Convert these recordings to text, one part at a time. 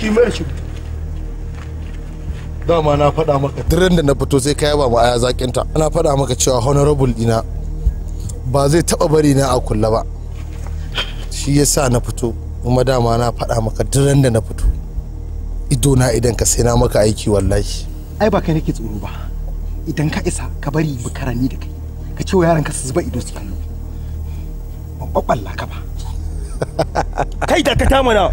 ki mai shi dama na faɗa maka diren da na fito sai kai ba aya zakin ta na faɗa maka cewa honorable dina ba zai taba bari na a kulla ba shi yasa na fito kuma dama na faɗa maka diren da na fito ido na idan ka sai na maka aiki wallahi ai ba kai nake tsoro ba idan ka isa ka bari mu karani da kai ka ce wa yaran ka su zuba ido su kallo ba kwakwalla ka ba kai da ka tamana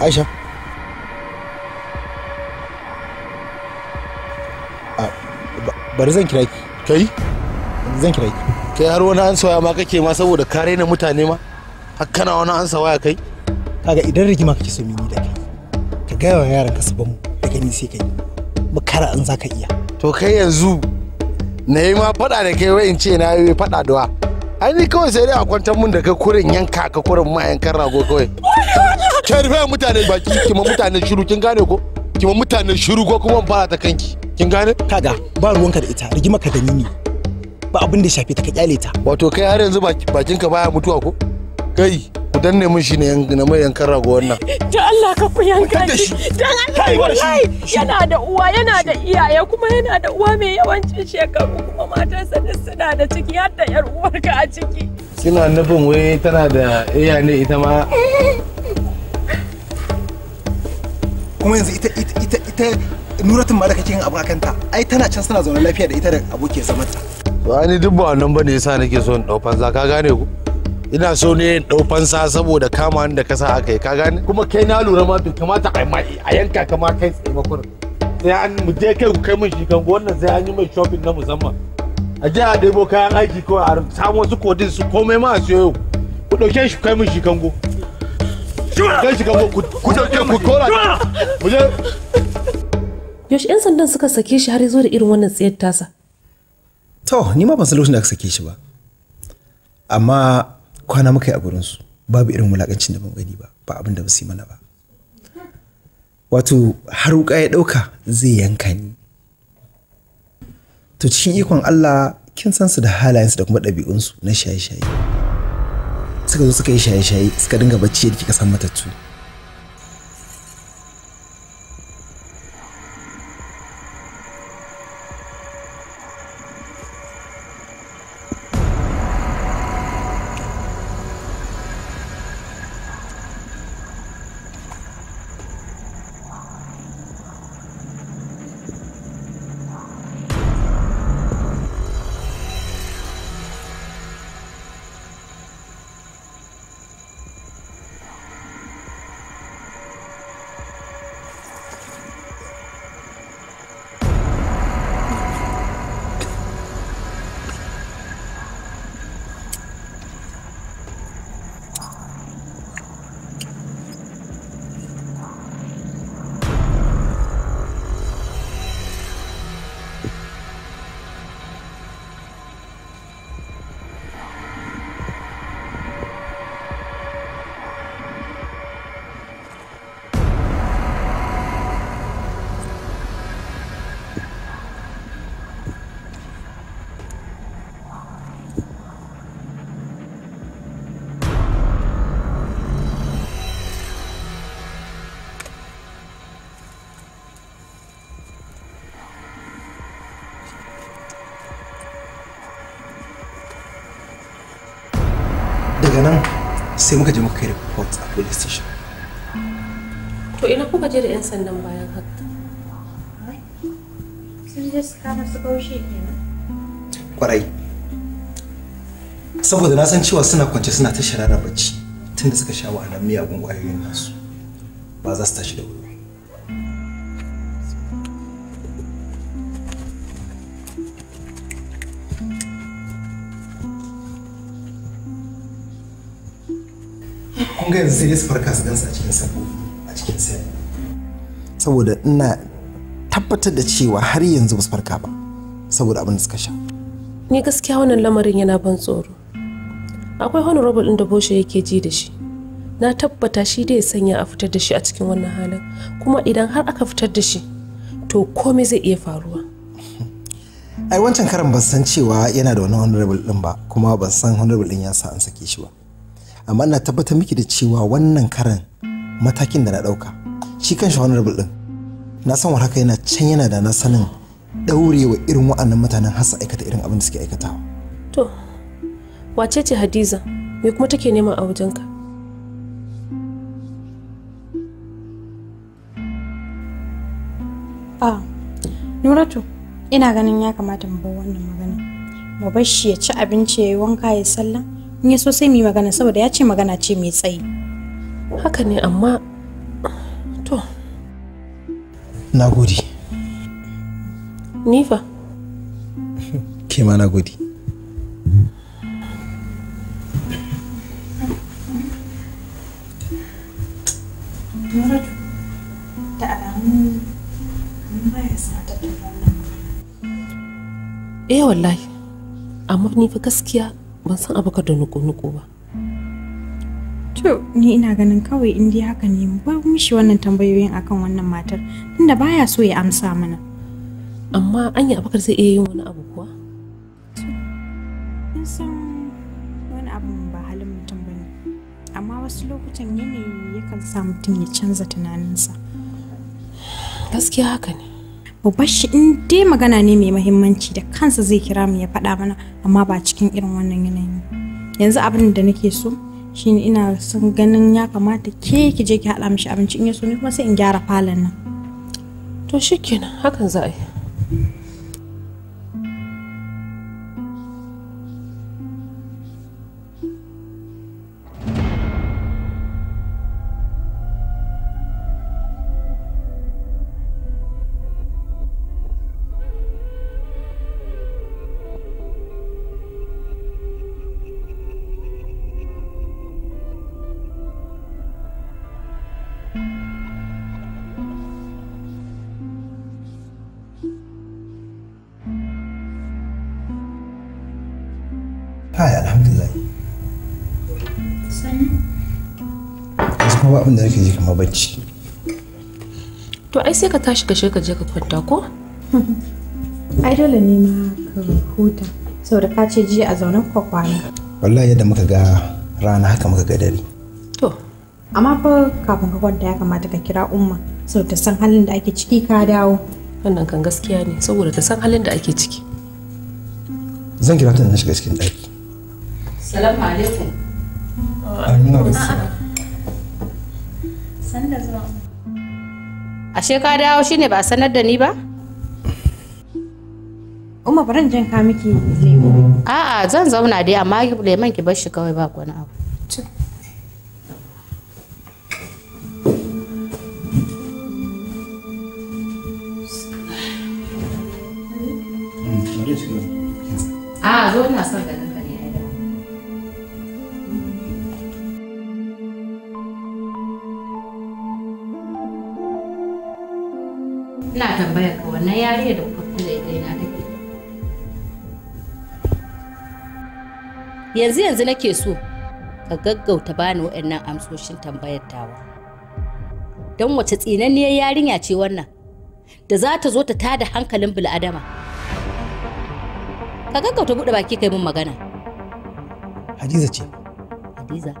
aisha bari zan kira ki kai zan kira ki kai har wani an waya ma kake ma saboda kare na mutane ma har kana wani an waya kai kaga idan rigima kake so mini da kai ka gaya wa yaran ka sabamu daga ni sai kai mu kara an zaka iya to kai yanzu na yi ma faɗa da kai wai in ce na yi faɗa da wa ai ni kawai sai dai a kwantar mun da kai kurin yanka ka kurin ma yankan rago kawai ke rufe mutane baki kima mutane shiru kin gane ko kima mutane shiru ko kuma fara ta kanki kin gane kaga ba ruwanka da ita rigima ka da ni ne ba abin da shafe ta ka kyale ta wato kai har yanzu bakin ka baya mutuwa ko kai ku danne mun shi ne na mai yankan rago wannan da Allah ka ku yanka shi dan Allah wallahi yana da uwa yana da iyaye kuma yana da uwa mai yawancin shekaru kuma matarsa da suna da ciki har da yar uwarka a ciki kina nufin wai tana da iyaye ita ma kuma yanzu ita ita ita ita nuratun ma da kake yin abu akan ta ai tana can suna zaune lafiya da ita da abokiyar zaman ta to ai duk ba wannan bane yasa nake so in dau fansa ka gane ku ina so ne in dau fansa saboda kama da kasa aka yi ka gane kuma kai na lura ma bai kamata a a yanka kama kai tsaye ba kun sai an mu je kai ku kai mun shi kan wannan sai an yi mai shopping na musamman a je a debo kayan aiki kawai a samu wasu kodin su komai ma a siyo ku dauke shi kai mun shi kango ɗan yaushe 'yan sandan suka sake shi har ya zo da irin wannan tsayar tasa to ni ma ban san lokacin da aka sake shi ba amma kwana muka yi a gurinsu babu irin wulakancin da ban gani ba ba abin da ba su yi mana ba wato har wuka ya ɗauka zai yanka ni to cikin ikon Allah kin san su da halayensu da kuma su na shaye-shaye suka zo suka yi shaye-shaye suka dinga bacci yadda kika san matattu daga nan sai muka je muka kai report a police station to ina kuka je da 'yan sandan bayan haka kwarai saboda na san cewa suna kwance suna ta sharara bacci tunda suka sha wa'annan miyagun ƙwayoyin nasu ba za su tashi da wuri kun ga yanzu sai dai su farka su gansa a cikin sabo a cikin sai saboda ina tabbatar da cewa har yanzu ba su farka ba saboda abin da suka sha ni gaskiya wannan lamarin yana ban tsoro akwai honorable ɗin da boshe yake ji da shi na tabbata shi dai sanya a fitar da shi a cikin wannan halin kuma idan har aka fitar da shi to komai zai iya faruwa ai wancan karan ban san cewa yana da wani honorable din ba kuma ban san honorable din ya sa an sake shi ba amma ina tabbatar miki da cewa wannan karan matakin da na ɗauka shi kan shi honorable ɗin na san war haka yana can yana da na sanin ɗaurewa irin wa'annan mutanen har su aikata irin abin da suke aikatawa. To, wace ce Hadiza? Me kuma take nema a wajenka? Ah, Nuratu, ina ganin ya kamata mu bar wannan magana. Mu bar shi ya ci abinci ya yi wanka ya sallah in ya so sai magana saboda ya ce magana ce mai tsayi haka ne amma to na gode nifa ke ma na gode Eh wallahi, amma ni fa gaskiya ban san ka da nuku-nuku ba to ni ina ganin kawai indiya haka ne ba mishi wannan tambayoyin akan wannan matar tunda baya so ya amsa mana amma an yi abakar zai iya yin wani abu kuwa in san wani abu ba halin mutum ba ne amma wasu lokutan yanayi yakan sa mutum ya canza tunaninsa gaskiya haka ne babbar shi in dai magana ne mai mahimmanci da kansa zai kira mu ya faɗa mana amma ba cikin irin wannan yanayi yanzu abin da nake so shine ina son ganin ya kamata ke ki je ki haɗa mishi abinci in ya so ne kuma sai in gyara falon nan to shikenan hakan za a yi sai kamar bacci to ai sai ka tashi ka shirka je ka kwanta ko ai dole ne ma ka huta saboda ka ce jiya a zaune kwa kwana wallahi yadda muka ga rana haka muka ga dare to amma fa kafin ka kwanta ya kamata ka kira umma saboda ta san halin da ake ciki ka dawo wannan kan gaskiya ne saboda ta san halin da ake ciki zan kira ta na shiga cikin ɗaki salamu alaikum Aminu Ashe ka dawo shine ba sanar da ni ba? Umma baran jin ka miki lemu. A'a zan zauna dai amma leman ki bar shi kawai ba kwana abu. Ah, zo ina son ka ina tambayar ka wannan yariya da kuka da ita ina take yanzu yanzu nake so ka gaggauta bani waɗannan amsoshin tambayar tawa don wace tsinanniyar yarinya ce wannan da za ta zo ta tada hankalin bil'adama ka gaggauta buɗe baki kai min magana hadiza ce hadiza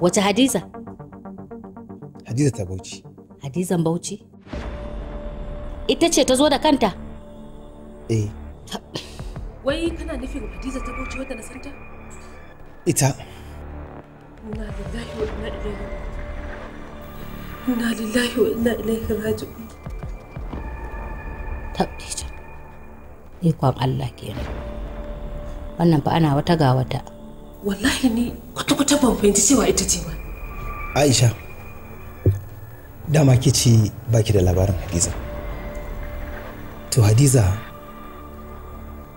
wace hadiza hadiza ta bauchi hadizan bauchi ita ce ta zo da kanta eh wai kana nufin hadiza ta bauchi wata na santa ita na lillahi wa inna ilaihi na lillahi wa inna ilaihi raji'un Ni ikon Allah kenan wannan fa ana wata ga wata wallahi ni kwata-kwata ban fahimci cewa ita ce ba aisha dama kici baki da labarin hadiza to hadiza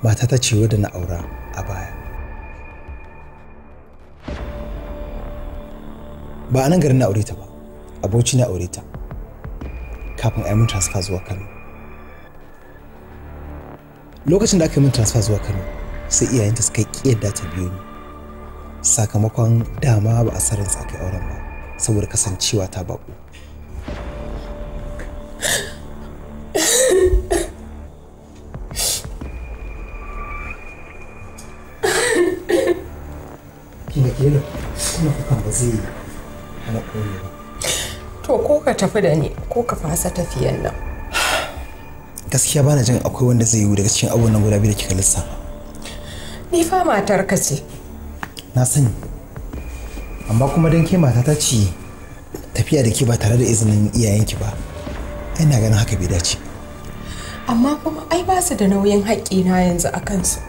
mata ta ce wadda na aura a baya ba a nan garin na aure ta ba aboci na aure ta kafin a yi min transfer zuwa kano lokacin da aka yi min transfer zuwa kano sai iyayenta suka yi ƙiyar ta biyu ni sakamakon dama ba a sarin sa kai auren ba saboda kasancewa ta baƙo zai to ko ka tafi da ni ko ka fasa tafiyan nan gaskiya bana jin akwai wanda zai yi daga cikin abubuwan guda biyu da kika lissafa ni fa matar ka ce na sani amma kuma don ke mata ta ce tafiya da ke ba tare da izinin iyayenki ba ina ganin haka bai dace amma kuma ai ba su da nauyin haƙƙi na yanzu a kansu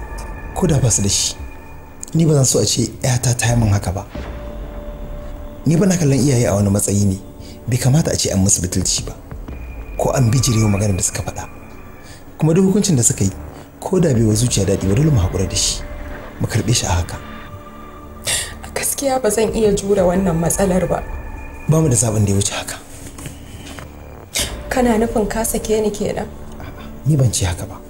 ko da ba su da shi ni ba zan so a ce 'yata ta yi min haka ba ni ba na kallon iyaye a wani matsayi ne bai kamata a ce an musu butulci ba ko an bijirewa magana da suka faɗa kuma duk hukuncin da suka yi ko da bai wa zuciya daɗi ba dole mu haƙura da shi mu karɓe shi a haka gaskiya ba zan iya jure wannan matsalar ba ba mu da zaɓin da ya wuce haka kana nufin ka sake ni kenan ni ban ce haka ba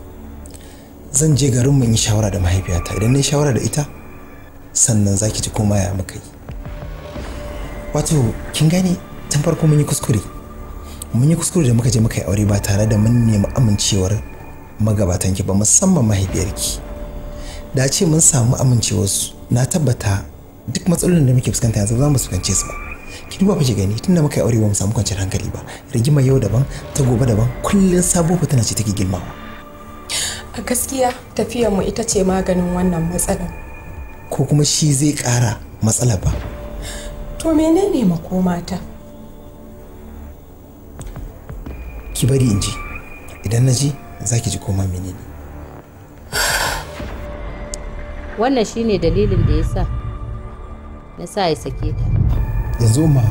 zan je garin mu yi shawara da mahaifiyata idan na shawara da ita sannan zaki ji koma ya muka yi wato kin gane tun farko mun yi kuskure mun yi kuskure da muka je muka yi aure ba tare da mun nemi amincewar magabatan ki ba musamman mahaifiyarki da ce mun samu amincewarsu na tabbata duk matsalolin da muke fuskanta yanzu za mu fuskance su ba ki duba ki gani tunda muka yi aure ba mu samu kwanciyar hankali ba rigima yau daban ta gobe daban kullum sabo fitina ce take girma a gaskiya tafiyar mu ita ce maganin wannan matsalar ko kuma shi zai kara matsalar ba to menene ta. ki bari in ji idan na ji za ki ji koma menene wannan shine dalilin da ya sa na sa ya sake ta yanzu ma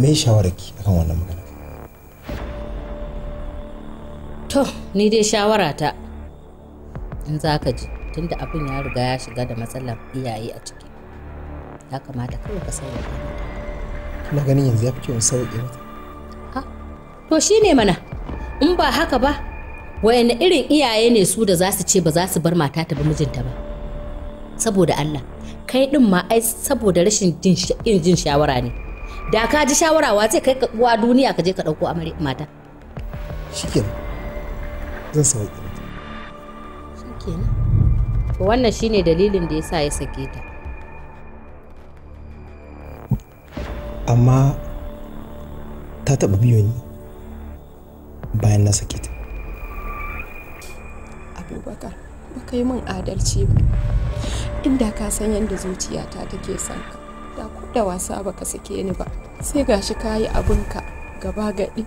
me shawararki akan wannan magana to ni dai shawara ta in za ka ji tunda abin ya riga ya shiga da matsalar iyaye a ciki ya kamata kawai ka sauya mata kana ganin yanzu ya fi kyau sauƙi mata ha ah, to shine mana in ba haka ba wayanne irin iyaye ne su da za su ce ba za su bar mata ta bi mijinta ba saboda Allah kai din ma ai saboda rashin jin jin shawara ne da ka ji shawara wa zai kai ka uwa duniya ka je ka dauko amare mata shikenan zan sauke shikenan wannan shine dalilin da yasa ya sake ta amma ta taɓa biyun ni bayan na sake ta abubakar ba kai min adalci ba inda ka san yadda zuciyata take son ka da ku da wasa baka sake ni ba sai gashi ka yi abinka gaba gaɗi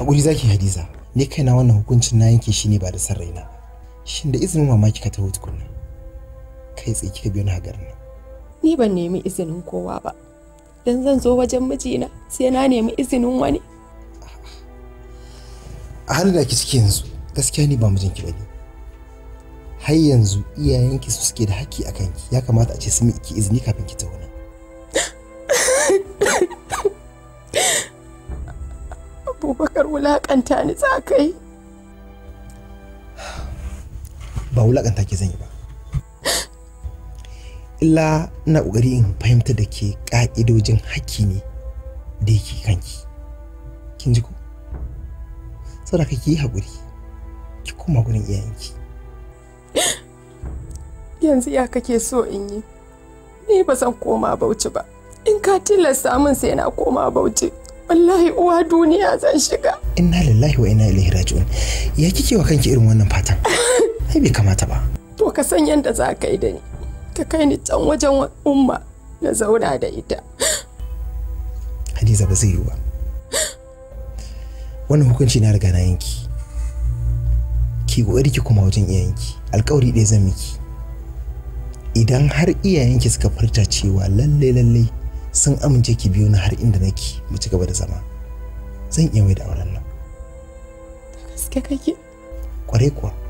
haƙuri zaki hadiza ni kaina wannan hukuncin na yanke shi ne ba da san raina shin da izinin mamaki ka taho tukunna kai tsaye kika biyo ni hagar ni ban nemi izinin kowa ba don zan zo wajen mijina sai na nemi izinin wani a halin da ki ciki yanzu gaskiya ni ba mijinki ba ne har yanzu iyayenki su suke da haƙƙi a kanki ya kamata a ce su miki izini kafin ki wani. abubakar wulaƙanta ni za ka yi ba wulaƙanta ki zan yi ba illa na ƙoƙari in fahimta da ke ƙa'idojin haƙƙi ne da yake kanki kin ji ko saboda ki yi haƙuri ki koma gurin iyayenki yanzu ya kake so in yi ni ba zan koma bauchi ba in ka tilasta min sai na koma bauchi wallahi uwa duniya zan shiga inna lillahi wa inna ilaihi raji'un ya kike wa kanki irin wannan fatan ai bai kamata ba to ka san yanda za ka yi da ni ta kai ni can wajen umma na zauna da ita hadiza ba zai yi ba wannan hukunci na riga na yanki ki kokari ki kuma wajen iyayenki alkawari ɗaya zan miki idan har iyayenki suka furta cewa lalle lalle sun amince ki biyo ni har inda nake mu ci gaba da zama zan iya mai da auren nan gaske kake kwarai kuwa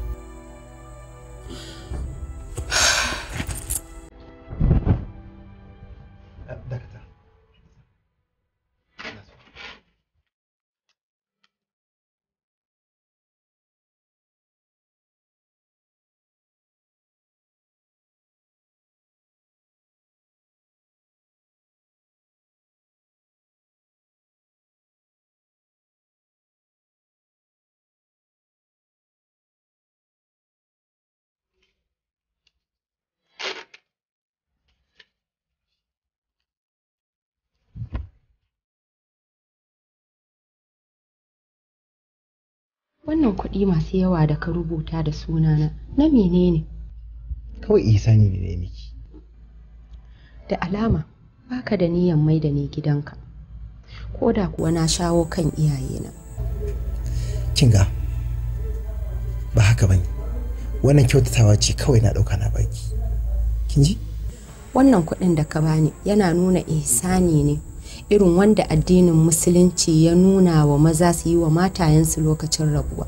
wannan kuɗi masu yawa da ka rubuta da sunana na menene kawai ihsani ne ne miki da alama baka da niyan mai da ni gidanka ko da kuwa na shawo kan iyayena kinga ba haka bane wannan kyautatawa ce kawai na ɗauka na baki kinji wannan kuɗin da ka bani yana nuna ihsani ne irin wanda addinin musulunci ya nuna wa maza su yi wa matayensu lokacin rabuwa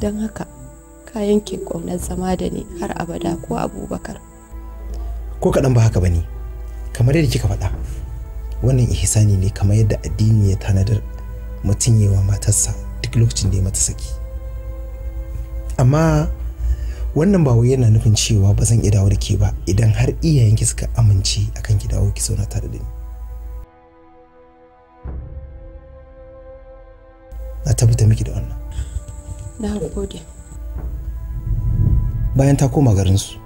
don haka kayan ke ƙaunar zama da ni har abada ko abubakar ko kaɗan ba haka ba ne kamar yadda kika faɗa wannan ihsani ne kamar yadda addini ya tanadar mutum yi wa matarsa duk lokacin da ya mata saki amma wannan ba wai yana nufin cewa ba zan iya dawo da ke ba idan har iyayenki suka amince akan ki dawo ki zauna tare da ni na tabbata miki da wannan na gode bayan ta koma garinsu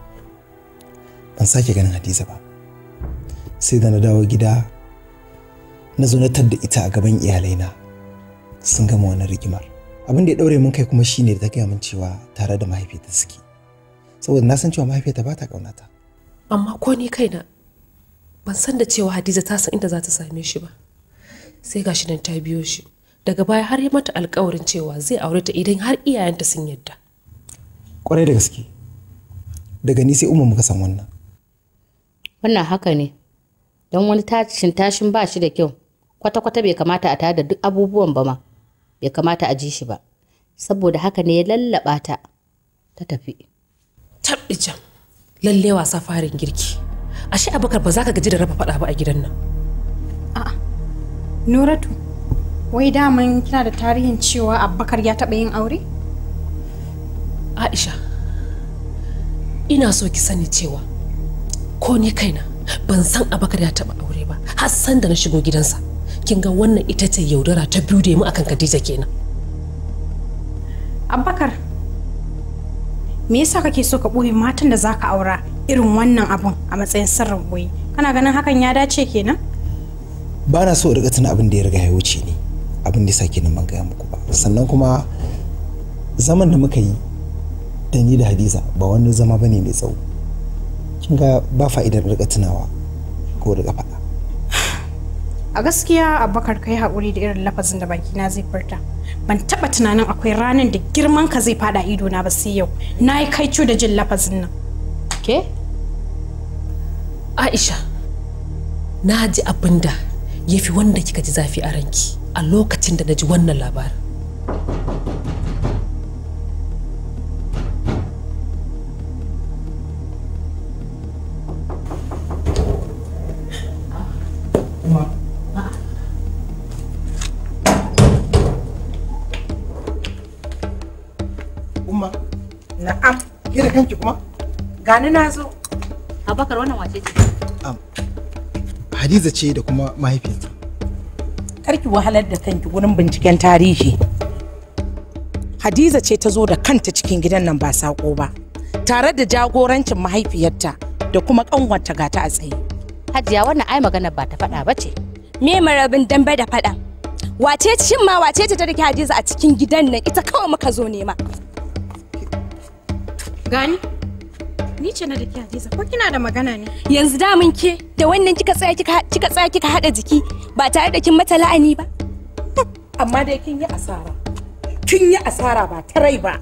ban sake ganin hadiza ba sai da na dawo gida na zo na ita a gaban iyalaina sun gama wannan rigimar abin da ya daure mun kai kuma shine da ta gaya min cewa tare da mahaifiyarta suke saboda na san cewa mahaifiyata ba ta ƙaunata amma ko ni kaina ban san da cewa hadiza ta san inda za ta same shi ba sai gashi nan ta biyo shi daga baya har ya mata alkawarin cewa zai aure ta idan har iyayenta sun yarda. kwarai da gaske daga ni sai umar muka san wannan wannan haka ne don wani tashin tashin ba shi da kyau kwata-kwata bai kamata a tada duk abubuwan ba ma bai kamata a ji shi ba saboda haka ne ya lallaba ta ta tafi tabbijan lalle wasa farin girki ashe abakar ba za ka gaji da raba faɗa ba a gidan nan a'a nuratu wai daman kina da tarihin cewa abakar ya taba yin aure aisha ina so ki sani cewa ko ni kaina ban san abakar ya taɓa aure ba har san da na shigo gidansa kin ga wannan ita ce yaudara ta biyu da mu akan Khadija kenan abakar me yasa kake so ka ɓoye matan da zaka aura irin wannan abun a matsayin sirrin boye kana ganin hakan ya dace kenan ba na so riga tuna abin da ya riga ya wuce ne abin da yasa kenan ban gaya muku ba sannan kuma zaman da muka yi da ni da hadiza ba wani zama bane mai tsawo kin ga ba fa'idar riga tunawa ko riga faɗa a gaskiya abubakar kai haƙuri da irin lafazin da baki na zai furta ban taba tunanin akwai ranar da girman ka zai fada ido na ba sai yau na yi kaicu da jin lafazin nan ke aisha na ji abin ya fi wanda kika ji zafi a ranki a lokacin da na ji wannan labarin ganki kuma? Gani na zo. Abakar wannan wace ce? Hadiza ce da kuma mahaifiyarta. Karki wahalar da kanki wurin binciken tarihi. Hadiza ce ta zo da kanta cikin gidan nan ba saƙo ba, tare da jagorancin mahaifiyarta da kuma ƙanwarta gata a tsaye. Hajiya wannan ai magana ba ta faɗa ba ce. Me marabin dambe da faɗa? Wace shin ma wace ce ta rike Hadiza a cikin gidan nan ita kawai muka zo nema. Gani? Ni ce na da ke Hadiza, ko kina da magana ne? Yanzu da mun ke da wannan kika tsaya kika kika tsaya kika hada jiki ba tare da kin mata la'ani ba. Amma dai kin yi asara. Kin yi asara ba ta rai ba.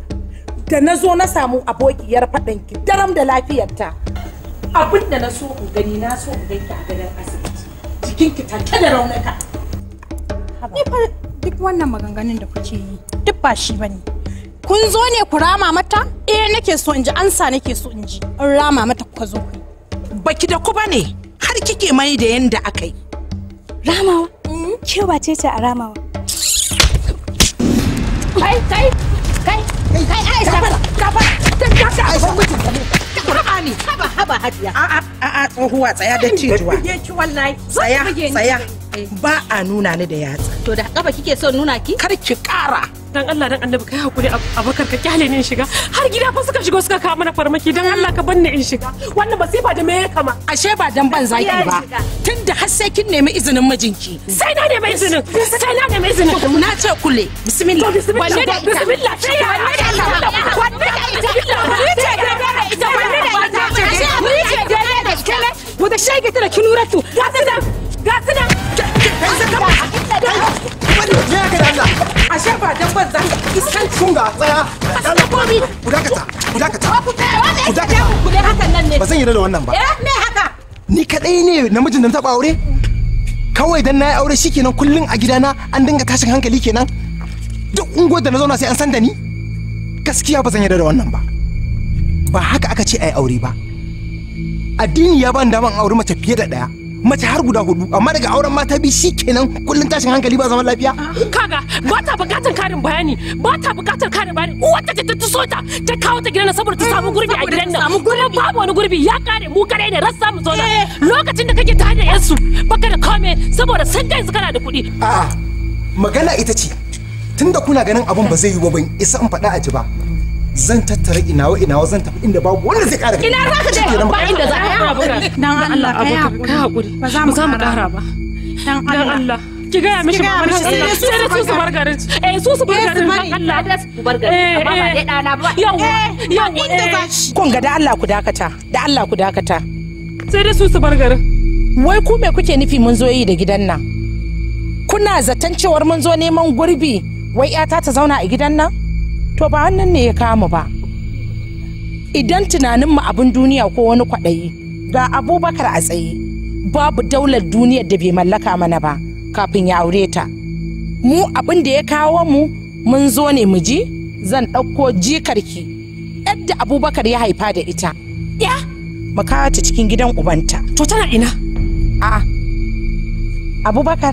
Da na zo na samu abokiyar faɗan ki daram da lafiyarta. Abin da na so in gani na so in ganki a gadon asibiti. ki tanke da raunuka. Ni fa duk wannan maganganun da kuke yi duk ba shi bane. kun zo ne ku rama mata eh nake so in ji ansa nake so in ji in rama mata ku zo baki da ku bane har kike mai da yanda akai ramawa mm-hmm. ke ba ce ce a ramawa kai kai kai kai aisha kafa, kafa, kaka aisha mutum haba ne haba haba hadiya a A'a, tsohuwa tsaya da cijuwa tsaya tsaya eh. ba a nuna ni da yatsa to da kafa kike so nuna ki kar ki kara dan Allah dan annabi kai hakuri abakar ka kyale ni in shiga har gida fa suka shigo suka kawo mana farmaki dan Allah ka banni in shiga wannan masifa da me kama ashe ba dan ban zaki ba tunda har sai kin nemi izinin mijinki sai na nemi izinin sai na nemi izinin na ce kule bismillah wanne da ita bismillah shi wanne da da wanne da ita ni ce da da wanne da ita ni ce da ita da bu da shege tana kinuratu ga su nan ga su nan da eh, ni kaɗai ne namijin da na taba aure kawai dan na yi aure shikenan kullun a gidana an dinga tashin hankali kenan duk unguwar da na zauna sai an san da ni gaskiya ba zan yarda da wannan ba ba haka aka ce a yi aure ba addini ya ban daman aure mace fiye da ɗaya mace har guda hudu amma daga auren mata bi shikenan kullun tashin hankali ba zaman lafiya kaga ba ta bukatar karin bayani ba ta bukatar karin bayani uwarta ta tuso ta ta kawo ta gidan saboda ta samu gurbi a gidan nan kuma babu wani gurbi ya kare mu kare ne rassa mu zo eh. lokacin da kake tare da yansu baka da kome saboda sun kai kana da kuɗi a'a magana ita ce tunda kuna ganin abun ba zai yi ba ban isa in faɗa a ji ba zan tattara inawa inawa zan tafi inda babu wanda zai kara ina za ka je ba inda za ka haƙuri. dan Allah ka haƙuri ba za mu ƙara ba dan Allah ki gaya mishi ba mishi eh, sai su su su bar garin eh su su bar garin Allah da su bar garin eh, amma ba eh. dai dana ba yawa yawa inda za shi kun ga da Allah ku dakata da Allah ku dakata sai da su su bar garin wai ku me kuke nufi mun zo yi da gidan nan kuna zaton cewar mun zo neman gurbi wai 'yata ta zauna a gidan nan to ba wannan ne ya kama ba idan tunanin mu abin duniya ko wani kwaɗayi ga abubakar a tsaye babu daular duniyar da bai mallaka mana ba kafin ya aure ta mu abin da ya kawo mu mun zo ne mu ji zan ɗauko jikarki yadda abubakar ya haifa da ita ya mu ta cikin gidan ubanta to tana ina a abubakar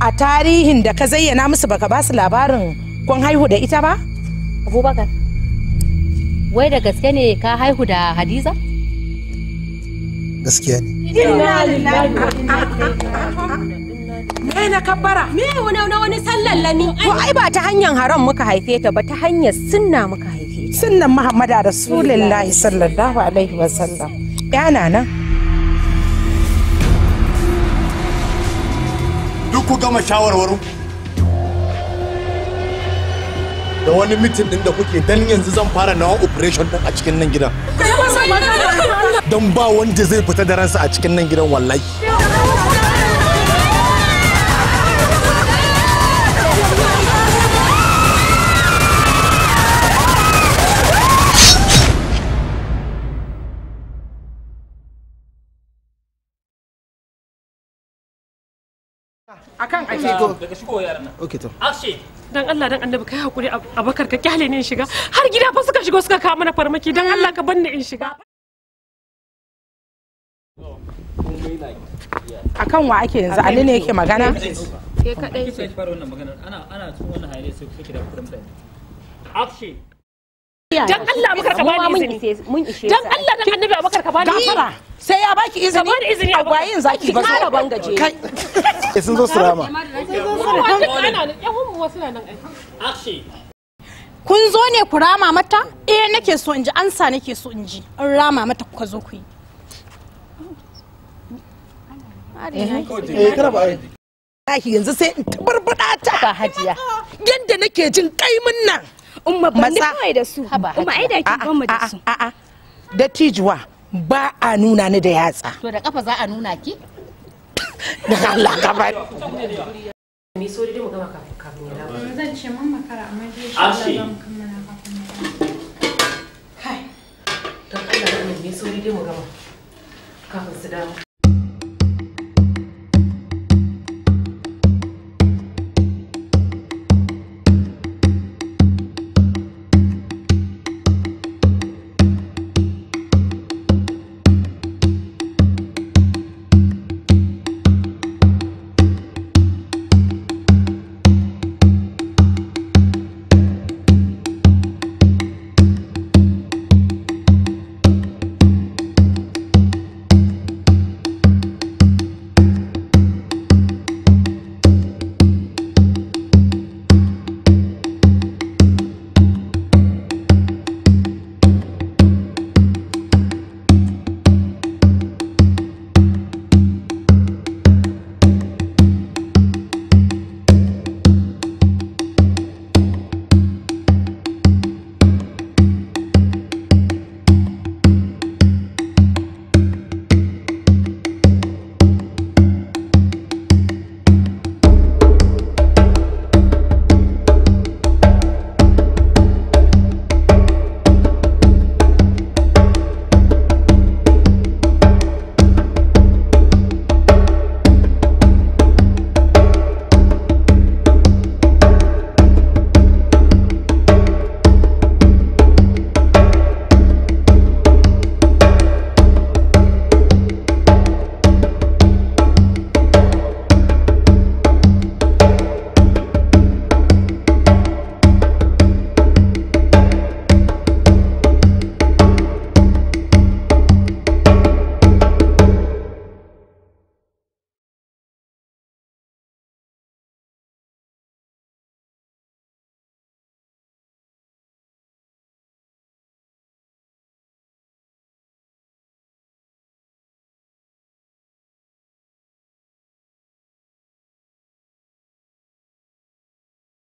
a tarihin da ka zayyana musu baka ba su labarin kun haihu da ita ba abubakar wai da gaske ne ka haihu da hadiza gaskiya ne inna lillahi wa inna ilaihi me na kabbara me wani wani sallan lami Ko ai ba ta hanyar haram muka haife ta ba ta hanyar sunna muka haife ta sunnan Muhammadu rasulullahi sallallahu alaihi wa sallam yana nan duk ku gama shawarwarin da wani mitin din da kuke dan yanzu zan fara nawa operation din a cikin nan gidan. Dan ba wanda zai fita da ransa a cikin nan gidan wallahi. akan ake go daga shigo yaran okay to ashe dan Allah dan annabi kai hakuri abakar ka kyale ne in shiga har gida fa suka shigo suka kawo mana farmaki dan Allah ka banni in shiga akan wa ake yanzu ali ne yake magana ke kadai ana ana cikin wannan sai kike da kuɗin dan Allah abu karka bani izini dan Allah dan annabi abu karka bani izini sai ya baki izini ka bani izini a gwayin zaki ba sai ban kai eh, sun zo su rama kun zo ne ku rama mata eh nake so in ji ansa nake so in ji in rama mata kuka zo ku yi eh. Eh, yanzu sai in tabarbada ta hajiya yadda nake jin kaimin nan umma ba ni kai da su umma ai da kin ban da su a'a da tijuwa ba a nuna ni da yatsa to da kafa za a nuna ki da Allah ka ba ni so dai mu gama kafin ya dawo zan ce mamma kara amma dai shi Allah kammala kafin ya dawo kai dan Allah ne mu gama kafin su dawo